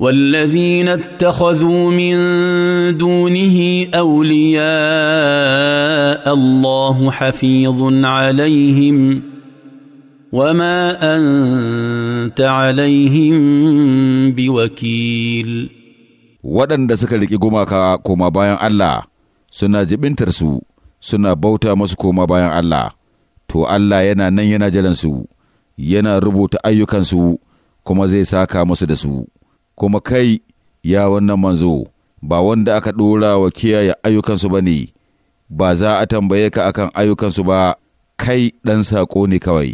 والذين اتخذوا من دونه اولياء الله حفيظ عليهم وما انت عليهم بوكيل waɗanda suka riƙi gumaka koma bayan Allah suna jibintar su suna bauta masu koma bayan Allah to Allah yana nan yana jalansu yana rubuta ayyukansu kuma zai saka musu da su kuma kai ya wannan manzo ba wanda aka ɗora wa kiyaye ayyukansu ba ne, ba za a tambaye ka akan ayyukansu ba, kai ɗan saƙo ne kawai.